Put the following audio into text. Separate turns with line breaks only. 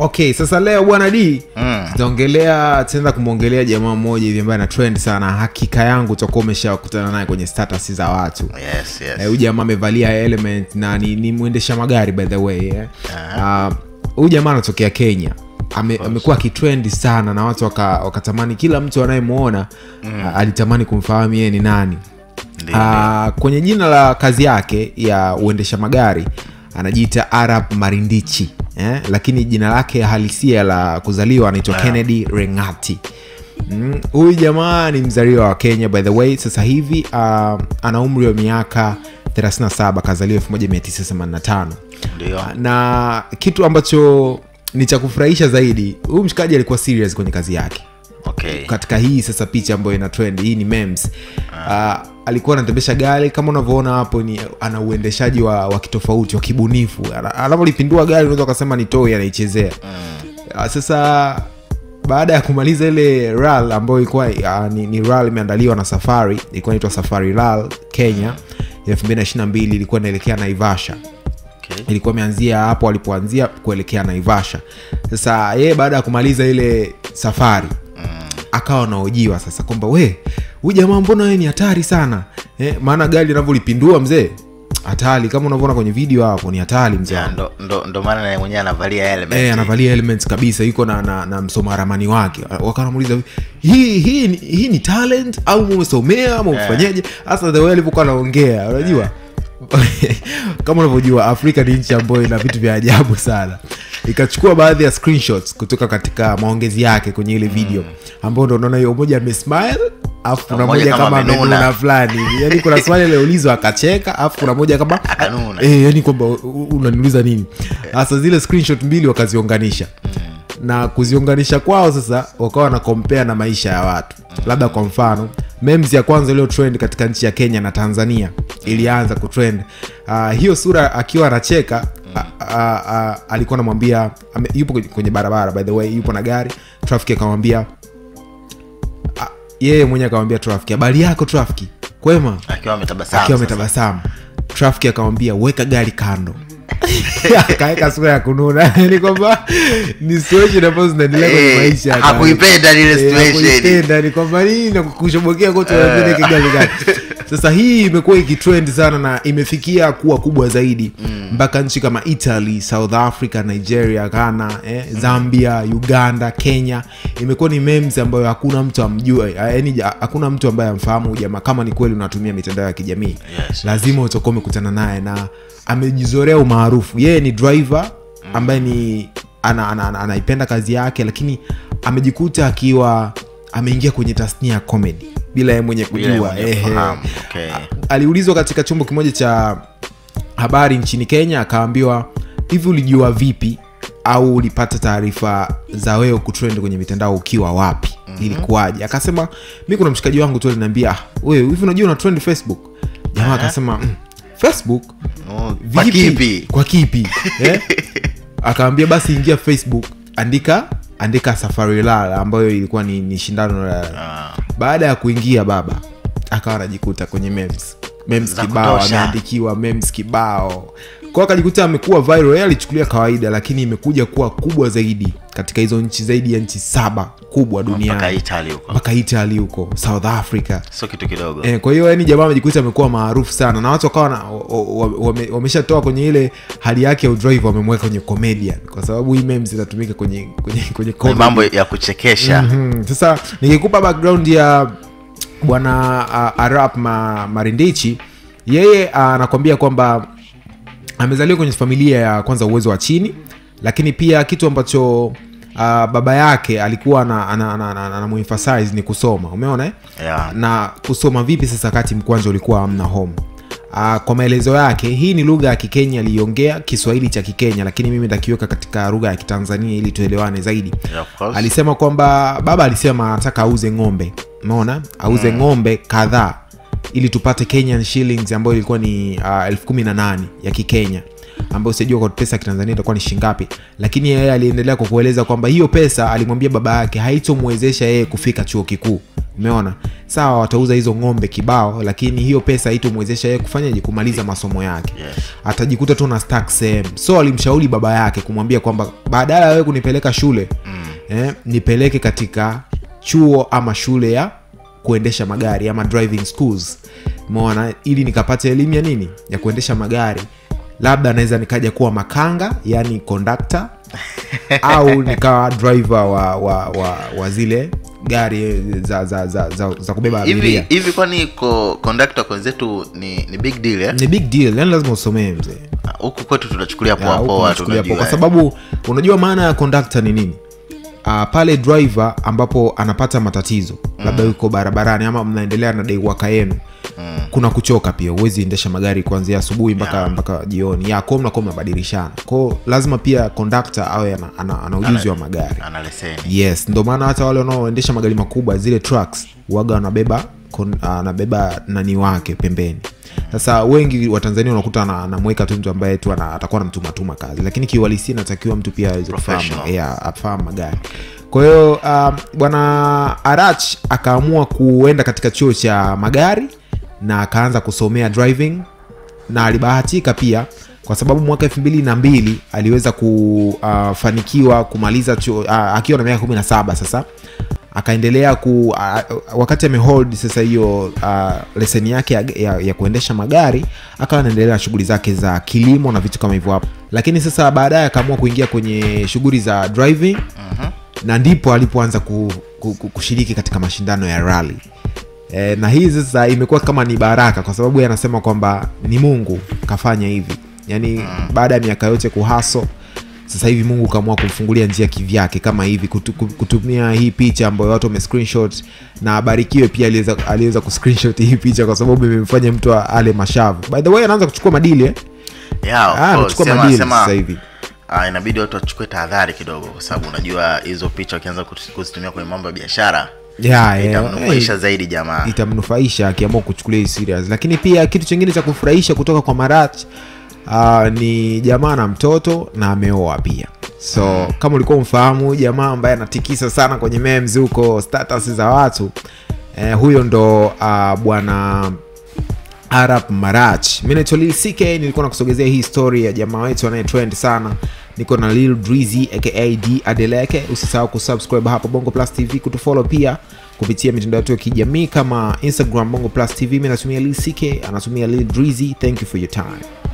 okay sasa leo bwana d mm. tutaenda kumwongelea jamaa mmoja hivi ambaye ana trend sana hakika yangu utakuwa umeshakutana naye kwenye status za watu yes, yes. e, jamaa amevalia element na ni, ni mwendesha magari by the way huyu eh? uh-huh. uh, jamaa anatokea kenya Ame, amekuwa akitrendi sana na watu wakatamani waka kila mtu anayemwona mm. uh, alitamani kumfahamu yeye ni nani uh, kwenye jina la kazi yake ya uendesha magari anajiita arab marindichi eh, lakini jina lake halisia la kuzaliwa anaitwa yeah. kennedy rengati mm, huyu mm, jamaa ni mzaliwa wa kenya by the way sasa hivi uh, ana umri wa miaka 37 kazaliwa 1985 ah, na kitu ambacho ni cha kufurahisha zaidi huyu mshikaji alikuwa serious kwenye kazi yake okay. katika hii sasa picha ambayo ina trend hii ni memes ah. uh, alikuwa anatembesha gari kama unavyoona hapo ni ana uendeshaji wa, wa kitofauti wa kibunifu anavyolipindua gari unaweza ukasema ni toi anaichezea mm. uh, sasa baada ya kumaliza ile ral ambayo ilikuwa uh, ni, ni ral imeandaliwa na safari ilikuwa inaitwa safari ral kenya ya 222 ilikuwa inaelekea naivasha okay. ilikuwa imeanzia hapo alipoanzia kuelekea naivasha sasa yeye baada ya kumaliza ile safari akawa anaojiwa sasa kwamba we huyu jamaa mbona we ni hatari sana eh, maana gari linavyolipindua mzee hatari kama unavyoona kwenye video hapo ni hatari mzee yeah, ndo, anavalia elements eh, kabisa yuko na, na, na msoma ramani wake wakanamuliza hii hi, hi, hii ni talent au umesomea ama eh. ufanyaje hasa yeah. alivyokuwa anaongea unajua yeah. kama unavyojua afrika ni nchi ambayo ina vitu vya ajabu sana ikachukua baadhi ya screenshots kutoka katika maongezi yake kwenye ile video mm. ambao ndo unaona hiyo moja amesmile afu kuna moja kama amenuna fulani yani kuna swali aliulizwa akacheka afu kuna moja kama eh, yani kwamba unaniuliza nini eh. sasa zile screenshot mbili wakaziunganisha mm. na kuziunganisha kwao sasa wakawa wanakompea na maisha ya watu mm. labda kwa mfano memes ya kwanza iliyo trend katika nchi ya kenya na tanzania ilianza kutrend uh, ah, hiyo sura akiwa anacheka Mm. alikuwa anamwambia yupo kwenye barabara by the way yupo na gari trafiki akamwambia yeye mwenye akamwambia trafiki habari yako trafiki kwema akiwa ametabasamu trafiki akamwambia weka gari kando akaweka sura ya kununa ni kwamba ni situation ambazo zinaendelea kwenye eh, maisha hakuipenda ile eh, situation ni kwamba nini na kukushobokea kote eh. unapeleke gari gari sasa hii imekuwa ikitrend sana na imefikia kuwa kubwa zaidi mpaka mm. nchi kama italy south africa nigeria ghana eh, mhm. zambia uganda kenya imekuwa ni memes ambayo hakuna mtu amjua yani hakuna mtu ambaye amfahamu jamaa kama ni kweli unatumia mitandao ya kijamii yes, lazima yes. utakuwa umekutana naye na amejizorea umaarufu yeye ni driver mm. ambaye ni anaipenda ana, ana, ana, ana kazi yake lakini amejikuta akiwa ameingia kwenye tasnia ya comedy bila ye mwenye kujua okay. aliulizwa katika chombo kimoja cha habari nchini kenya akaambiwa hivi ulijua vipi au ulipata taarifa za wewe kutrend kwenye mitandao ukiwa wapi mm-hmm. ilikuwaje akasema mi kuna mshikaji wangu tu aliniambia ah, wewe hivi unajua una trend facebook jamaa eh? akasema mm, facebook no, kwa kipi, kwa kipi? eh? akaambia basi ingia facebook andika andika safari lala ambayo ilikuwa ni, ni shindano la ah. baada ya kuingia baba akawa anajikuta kwenye mevs mems kibao ameandikiwa kibao kwao akajikuta amekuwa viral alichukulia kawaida lakini imekuja kuwa kubwa zaidi katika hizo nchi zaidi ya nchi saba kubwa dunianimpaka itali huko south africa so kitu kidogo e, kwa hiyo yani jamaa amejikuta amekuwa maarufu sana na watu wakawa wameshatoa wame kwenye ile hali yake ya udrive wamemweka kwenye komedia kwa sababu hii mem zinatumika kwenye kwenye kwenye mambo ya kuchekesha mm-hmm. sasa nikikupa background ya bwana uh, arap ma, marindichi yeye uh, anakwambia kwamba amezaliwa kwenye familia ya kwanza uwezo wa chini lakini pia kitu ambacho Uh, baba yake alikuwa na ni kusoma umeona eh? yeah. na kusoma vipi sasa kati mkwanja ulikuwa amna home Uh, kwa maelezo yake hii ni lugha ya kikenya aliiongea kiswahili cha kikenya lakini mimi ntakiweka katika lugha ya kitanzania ili tuelewane zaidi yeah, alisema kwamba baba alisema anataka auze ng'ombe umeona auze mm. ng'ombe kadhaa ili tupate kenyan shillings ambayo ilikuwa ni uh, elfu kumi na nane ya kikenya ambayo sijua kwa pesa ya kitanzania itakuwa ni shingapi lakini yeye aliendelea kwa kueleza kwamba hiyo pesa alimwambia baba yake haitomwezesha yeye kufika chuo kikuu umeona sawa watauza hizo ng'ombe kibao lakini hiyo pesa haitomwezesha yeye kufanyaje kumaliza masomo yake atajikuta tu na stack sehemu so alimshauri baba yake kumwambia kwamba badala ya wewe kunipeleka shule mm. eh, nipeleke katika chuo ama shule ya kuendesha magari ama driving schools mona ili nikapata elimu ya nini ya kuendesha magari labda naweza nikaja kuwa makanga yani kondakta au nikawa driver wa, wa, wa, wa zile gari za za za, za, za kubeba abiria hivi kwani kondakta kwenzetu ni ni big deal eh? ni big deal yani lazima usomee mzee huku kwetu tunachukulia poa poa kwa eh. sababu unajua maana ya kondakta ni nini uh, pale driver ambapo anapata matatizo mm. labda yuko barabarani ama mnaendelea na daiwaka yenu mm. kuna kuchoka pia huwezi endesha magari kuanzia asubuhi mpaka yeah. mpaka jioni ya ko mnakuwa mnabadilishana ko lazima pia kondakta awe ana, ana, ana ujuzi wa magari yes ndo maana hata wale wanaoendesha magari makubwa zile trucks waga wanabeba ah, anabeba nani wake pembeni sasa wengi wa tanzania unakuta anamweka tu mtu ambaye tu atakuwa mtumatuma kazi lakini kiuhalisia natakiwa mtu pia aweze kufahamu yeah, magari kwa hiyo uh, bwana arach akaamua kuenda katika chuo cha magari na akaanza kusomea driving na alibahatika pia kwa sababu mwaka elfu mbili na mbili aliweza kufanikiwa uh, kumaliza uh, akiwa na miaka kumi na saba sasa akaendelea ku a, wakati amehold sasa hiyo leseni yake ya, ya, ya kuendesha magari akawa anaendelea na shughuli zake za kilimo na vitu kama hivyo hapo lakini sasa baadaye akaamua kuingia kwenye shughuli za driving uh-huh. na ndipo alipoanza ku, ku, ku, kushiriki katika mashindano ya rally e, na hii sasa imekuwa kama ni baraka kwa sababu anasema kwamba ni mungu kafanya hivi yaani uh-huh. baada ya miaka yote kuhaso sasa hivi Mungu kaamua kumfungulia njia kivyake kama hivi kutu, kutumia hii picha ambayo watu wame screenshot na abarikiwe pia aliweza, aliweza screenshot hii picha kwa sababu imemfanya mtu ale mashavu. By the way anaanza kuchukua madili eh? Yeah, ah, anachukua madili sasa hivi uh, inabidi watu wachukue tahadhari kidogo kwa sababu unajua hizo picha ukianza kuzitumia kwenye mambo ya biashara
yeah, itamnufaisha hey,
zaidi jamaa itamnufaisha akiamua kuchukulia hii serious lakini pia kitu chingine cha kufurahisha kutoka kwa marach uh, ni jamaa na mtoto na ameoa pia so kama ulikuwa umfahamu huyu jamaa ambaye anatikisa sana kwenye memes huko status za watu eh, huyo ndo uh, bwana arab marach mi naitwa lil ck nilikuwa nakusogezea hii story ya jamaa wetu anayetrend sana niko na lil drizy aka adeleke usisahau kusubscribe hapo bongo plus tv kutufolo pia kupitia mitandao yetu ya kijamii kama instagram bongo plus tv mi natumia lil ck anatumia lil drizy thank you for your time